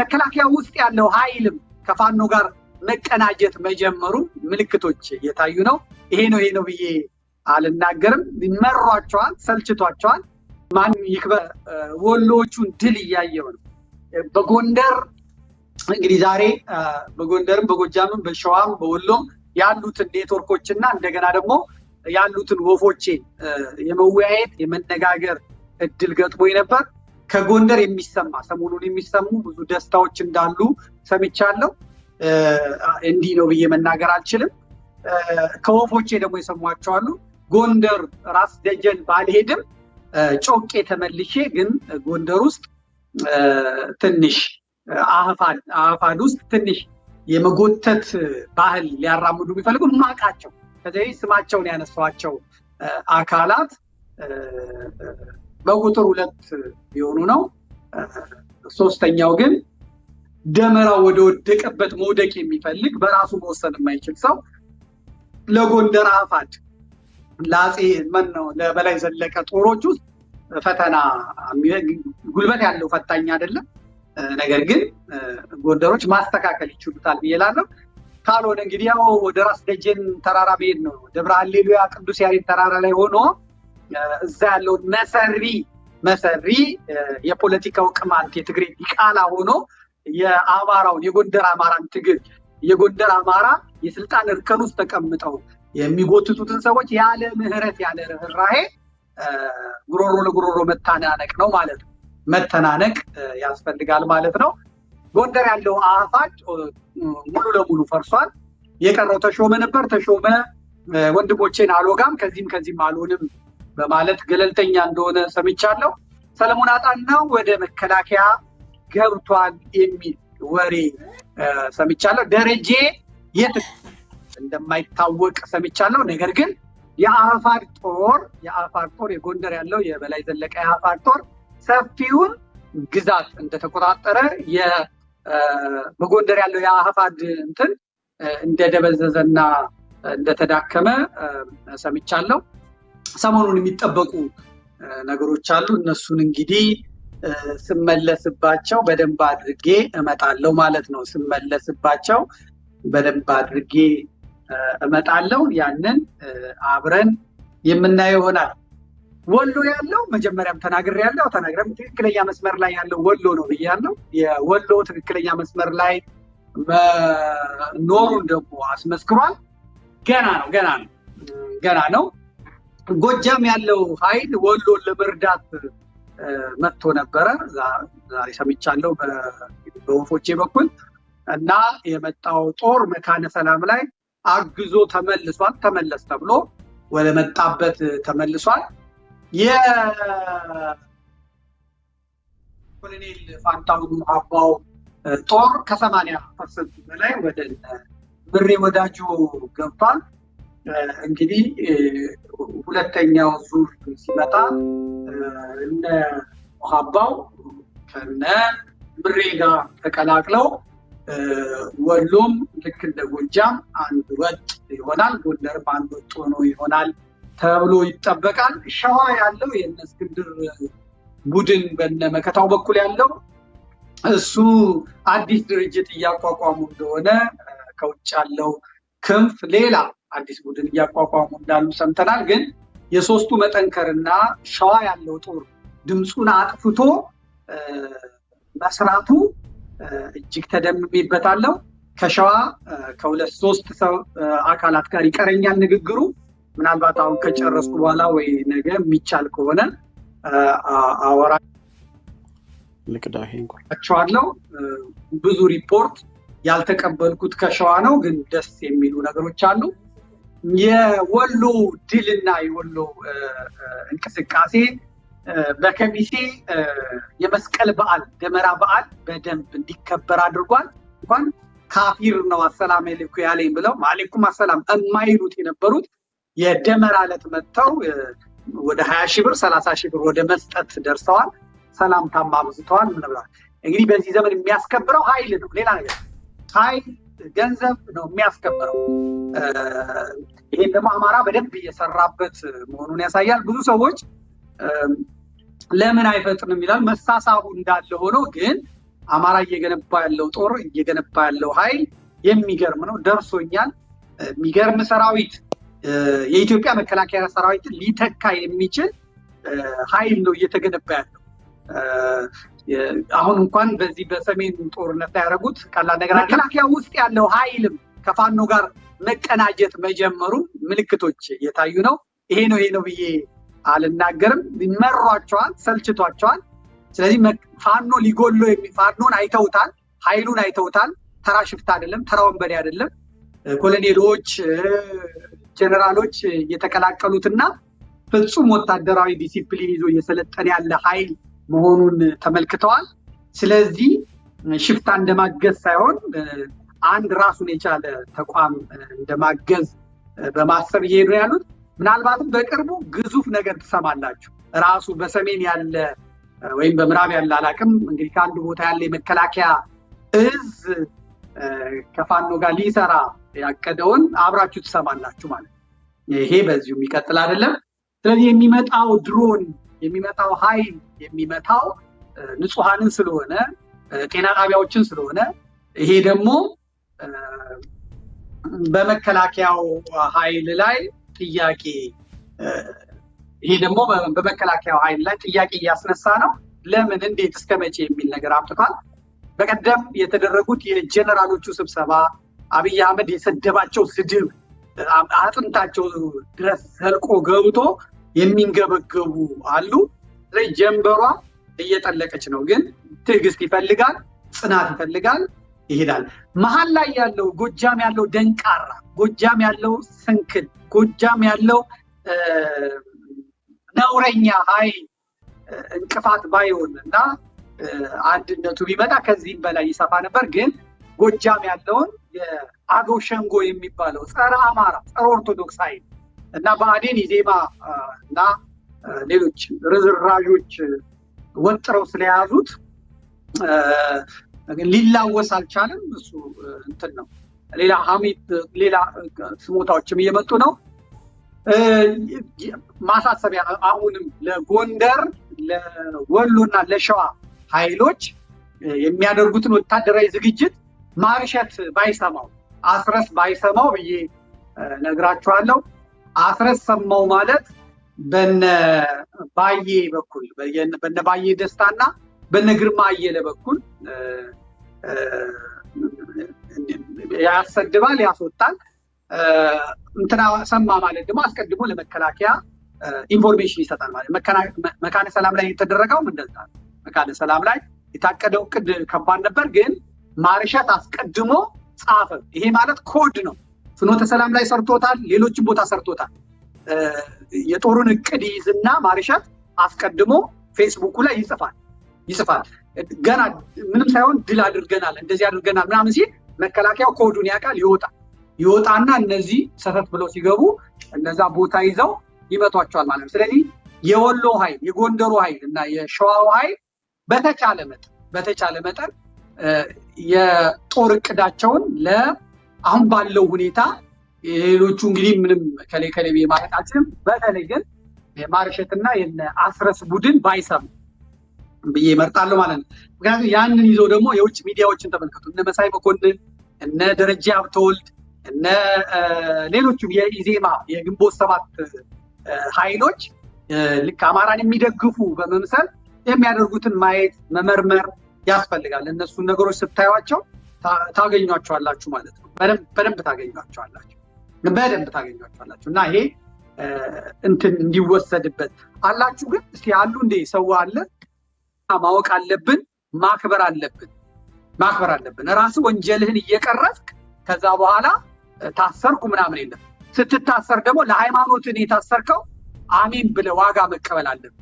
መከላከያ ውስጥ ያለው ኃይልም ከፋኖ ጋር መቀናጀት መጀመሩ ምልክቶች እየታዩ ነው። ይሄ ነው ይሄ ነው ብዬ አልናገርም። ይመሯቸዋል፣ ሰልችቷቸዋል። ማን ይክበር ወሎቹን ድል እያየው ነው። በጎንደር እንግዲህ ዛሬ በጎንደርም በጎጃምም በሸዋም በወሎም ያሉትን ኔትወርኮች እና እንደገና ደግሞ ያሉትን ወፎቼ የመወያየት የመነጋገር እድል ገጥሞኝ ነበር። ከጎንደር የሚሰማ ሰሞኑን የሚሰሙ ብዙ ደስታዎች እንዳሉ ሰምቻለሁ። እንዲህ ነው ብዬ መናገር አልችልም። ከወፎቼ ደግሞ የሰሟቸው አሉ። ጎንደር ራስ ደጀን ባልሄድም ጮቄ ተመልሼ ግን ጎንደር ውስጥ ትንሽ አህፋድ ውስጥ ትንሽ የመጎተት ባህል ሊያራምዱ የሚፈልጉ ማቃቸው ከዚ ስማቸውን ያነሷቸው አካላት በቁጥር ሁለት የሆኑ ነው። ሶስተኛው ግን ደመራው ወደ ወደቀበት መውደቅ የሚፈልግ በራሱ መወሰን የማይችል ሰው ለጎንደር አፋድ ለአጼ ለበላይ ዘለቀ ጦሮች ውስጥ ፈተና ጉልበት ያለው ፈታኝ አይደለም። ነገር ግን ጎንደሮች ማስተካከል ይችሉታል ብዬ እላለሁ። ካልሆነ እንግዲህ ያው ወደ ራስ ደጀን ተራራ መሄድ ነው። ደብረ ሃሌሉያ ቅዱስ ያሬድ ተራራ ላይ ሆኖ እዛ ያለውን መሰሪ መሰሪ የፖለቲካው ቅማንት የትግሬ ዲቃላ ሆኖ የአማራውን የጎንደር አማራን ትግል የጎንደር አማራ የስልጣን እርከን ውስጥ ተቀምጠው የሚጎትቱትን ሰዎች ያለ ምህረት ያለ ርኅራሄ ጉሮሮ ለጉሮሮ መታናነቅ ነው ማለት ነው። መተናነቅ ያስፈልጋል ማለት ነው። ጎንደር ያለው አፋጭ ሙሉ ለሙሉ ፈርሷል። የቀረው ተሾመ ነበር። ተሾመ ወንድሞቼን አልወጋም ከዚህም ከዚህም አልሆንም በማለት ገለልተኛ እንደሆነ ሰምቻለሁ። ሰለሞን አጣና ወደ መከላከያ ገብቷል የሚል ወሬ ሰምቻለሁ። ደረጀ የት እንደማይታወቅ ሰምቻለሁ። ነገር ግን የአፋር ጦር የአፋር ጦር የጎንደር ያለው የበላይ ዘለቀ የአፋር ጦር ሰፊውን ግዛት እንደተቆጣጠረ በጎንደር ያለው የአፋድ እንትን እንደደበዘዘና እንደተዳከመ ሰምቻለሁ። ሰሞኑን የሚጠበቁ ነገሮች አሉ። እነሱን እንግዲህ ስመለስባቸው በደንብ አድርጌ እመጣለው ማለት ነው። ስመለስባቸው በደንብ አድርጌ እመጣለው ያንን አብረን የምናየው ይሆናል። ወሎ ያለው መጀመሪያም ተናግር ያለው ተናግረም ትክክለኛ መስመር ላይ ያለው ወሎ ነው ብያለው። የወሎ ትክክለኛ መስመር ላይ መኖሩን ደግሞ አስመስክሯል። ገና ነው ገና ነው ገና ነው። ጎጃም ያለው ኃይል ወሎን ለመርዳት መጥቶ ነበረ። ዛሬ ሰምቻለው በወፎቼ በኩል እና የመጣው ጦር መካነ ሰላም ላይ አግዞ ተመልሷል። ተመለስ ተብሎ ወደ መጣበት ተመልሷል። የኮሎኔል ፋንታሁን አባው ጦር ከሰማኒያ ፐርሰንት በላይ ወደ ምሬ ወዳጁ ገብቷል። እንግዲህ ሁለተኛው ዙር ሲመጣ እነ ሞሀባው ከነ ምሬ ጋር ተቀላቅለው ወሎም ልክ እንደ ጎጃም አንድ ወጥ ይሆናል፣ ጎንደርም አንድ ወጥ ሆኖ ይሆናል ተብሎ ይጠበቃል። ሸዋ ያለው የእነ እስክንድር ቡድን በነ መከታው በኩል ያለው እሱ አዲስ ድርጅት እያቋቋሙ እንደሆነ ከውጭ ያለው ክንፍ ሌላ አዲስ ቡድን እያቋቋሙ እንዳሉ ሰምተናል። ግን የሶስቱ መጠንከርና ሸዋ ያለው ጦር ድምፁን አጥፍቶ መስራቱ እጅግ ተደምሜበታለሁ። ከሸዋ ከሁለት ሶስት ሰው አካላት ጋር ይቀረኛል ንግግሩ። ምናልባት አሁን ከጨረስኩ በኋላ ወይ ነገ የሚቻል ከሆነ አወራቸዋለሁ። ብዙ ሪፖርት ያልተቀበልኩት ከሸዋ ነው፣ ግን ደስ የሚሉ ነገሮች አሉ። የወሎ ድልና የወሎ እንቅስቃሴ በከሚሴ የመስቀል በዓል ደመራ በዓል በደንብ እንዲከበር አድርጓል። እንኳን ካፊር ነው አሰላም ሌኩ ያለኝ ብለው አሌኩም አሰላም የማይሉት የነበሩት የደመራ ለት መጥተው ወደ ሀያ ሺህ ብር ሰላሳ ሺህ ብር ወደ መስጠት ደርሰዋል። ሰላምታም አብዝተዋል። ምንብላል እንግዲህ በዚህ ዘመን የሚያስከብረው ሀይል ነው። ሌላ ነገር ሀይል ገንዘብ ነው የሚያስከብረው። ይህም ደግሞ አማራ በደንብ እየሰራበት መሆኑን ያሳያል። ብዙ ሰዎች ለምን አይፈጥንም ይላል። መሳሳቡ እንዳለ ሆኖ ግን አማራ እየገነባ ያለው ጦር እየገነባ ያለው ኃይል የሚገርም ነው። ደርሶኛል። የሚገርም ሰራዊት የኢትዮጵያ መከላከያ ሰራዊትን ሊተካ የሚችል ኃይል ነው እየተገነባ ያለው። አሁን እንኳን በዚህ በሰሜን ጦርነት ላይ ያደረጉት ቀላል ነገር መከላከያ ውስጥ ያለው ሀይልም ከፋኖ ጋር መቀናጀት መጀመሩ ምልክቶች የታዩ ነው። ይሄ ነው ይሄ ነው ብዬ አልናገርም። ይመሯቸዋል ሰልችቷቸዋል። ስለዚህ ፋኖ ሊጎሎ ፋኖን አይተውታል፣ ሀይሉን አይተውታል። ተራ ሽፍታ አይደለም፣ ተራ ወንበዴ አይደለም። ኮሎኔሎች፣ ጀነራሎች የተቀላቀሉትና ፍጹም ወታደራዊ ዲሲፕሊን ይዞ እየሰለጠነ ያለ ሀይል መሆኑን ተመልክተዋል። ስለዚህ ሽፍታ እንደማገዝ ሳይሆን አንድ ራሱን የቻለ ተቋም እንደማገዝ በማሰብ እየሄዱ ያሉት። ምናልባትም በቅርቡ ግዙፍ ነገር ትሰማላችሁ። ራሱ በሰሜን ያለ ወይም በምዕራብ ያለ አላቅም እንግዲህ ከአንዱ ቦታ ያለ የመከላከያ እዝ ከፋኖ ጋር ሊሰራ ያቀደውን አብራችሁ ትሰማላችሁ ማለት ይሄ በዚሁ የሚቀጥል አይደለም። ስለዚህ የሚመጣው ድሮን የሚመጣው ኃይል የሚመታው ንጹሐንን ስለሆነ ጤና ጣቢያዎችን ስለሆነ ይሄ ደግሞ በመከላከያው ሀይል ላይ ጥያቄ ይሄ ደግሞ በመከላከያው ኃይል ላይ ጥያቄ እያስነሳ ነው። ለምን፣ እንዴት፣ እስከ መቼ የሚል ነገር አምጥቷል። በቀደም የተደረጉት የጀነራሎቹ ስብሰባ አብይ አህመድ የሰደባቸው ስድብ አጥንታቸው ድረስ ዘልቆ ገብቶ የሚንገበገቡ አሉ። ጀንበሯ እየጠለቀች ነው፣ ግን ትዕግስት ይፈልጋል፣ ጽናት ይፈልጋል። ይሄዳል። መሀል ላይ ያለው ጎጃም ያለው ደንቃራ፣ ጎጃም ያለው ስንክል፣ ጎጃም ያለው ነውረኛ ሀይ እንቅፋት ባይሆን እና አንድነቱ ቢመጣ ከዚህም በላይ ይሰፋ ነበር። ግን ጎጃም ያለውን የአገው ሸንጎ የሚባለው ጸረ አማራ ጸረ ኦርቶዶክስ ሀይል። እና በአዴን ኢዜማ እና ሌሎች ርዝራዦች ወጥረው ስለያዙት ሊላወስ አልቻለም። እሱ እንትን ነው። ሌላ ሀሜት፣ ሌላ ስሞታዎችም እየመጡ ነው። ማሳሰቢያ አሁንም ለጎንደር እና ለሸዋ ኃይሎች የሚያደርጉትን ወታደራዊ ዝግጅት ማርሸት ባይሰማው አስረስ ባይሰማው ብዬ ነግራችኋለሁ። ሰማው ማለት በነ ባዬ በኩል በነ ባዬ ደስታና በነ ግርማ አየለ በኩል ያሰድባል፣ ያስወጣል። እንትና ሰማ ማለት ደግሞ አስቀድሞ ለመከላከያ ኢንፎርሜሽን ይሰጣል ማለት። መካነ ሰላም ላይ የተደረገው እንደዛ መካነ ሰላም ላይ የታቀደው እቅድ ከባድ ነበር፣ ግን ማርሻት አስቀድሞ ጻፈ። ይሄ ማለት ኮድ ነው። ፍኖተ ሰላም ላይ ሰርቶታል፣ ሌሎችም ቦታ ሰርቶታል። የጦሩን እቅድ ይዝና ማርሻት አስቀድሞ ፌስቡኩ ላይ ይጽፋል ይጽፋል። ገና ምንም ሳይሆን ድል አድርገናል፣ እንደዚህ አድርገናል ምናምን ሲል መከላከያው ኮዱን ያውቃል፣ ይወጣል ይወጣና እነዚህ ሰተት ብለው ሲገቡ እነዛ ቦታ ይዘው ይመቷቸዋል ማለት ነው። ስለዚህ የወሎ ኃይል የጎንደሩ ኃይል እና የሸዋው ኃይል በተቻለ መጠን በተቻለ መጠን የጦር እቅዳቸውን ለ አሁን ባለው ሁኔታ የሌሎቹ እንግዲህ ምንም ከሌ ከሌ ማለት አልችልም። በተለይ ግን የማርሸትና የነ አስረስ ቡድን ባይሰም ብዬ እመርጣለሁ ማለት ነው። ምክንያቱም ያንን ይዞ ደግሞ የውጭ ሚዲያዎችን ተመልከቱ። እነ መሳይ መኮንን፣ እነ ደረጃ ሀብተወልድ፣ እነ ሌሎቹም የኢዜማ የግንቦት ሰባት ኃይሎች ልክ አማራን የሚደግፉ በመምሰል የሚያደርጉትን ማየት መመርመር ያስፈልጋል። እነሱን ነገሮች ስታዩቸው ታገኟቸዋላችሁ ማለት ነው። በደንብ ታገኟቸዋላችሁ፣ በደንብ ታገኟቸዋላችሁ። እና ይሄ እንትን እንዲወሰድበት አላችሁ። ግን እስ አሉ እንደ ሰው አለ ማወቅ አለብን፣ ማክበር አለብን፣ ማክበር አለብን። ራስ ወንጀልህን እየቀረፍክ ከዛ በኋላ ታሰርኩ ምናምን የለም። ስትታሰር ደግሞ ለሃይማኖትን የታሰርከው አሜን ብለ ዋጋ መቀበል አለብን።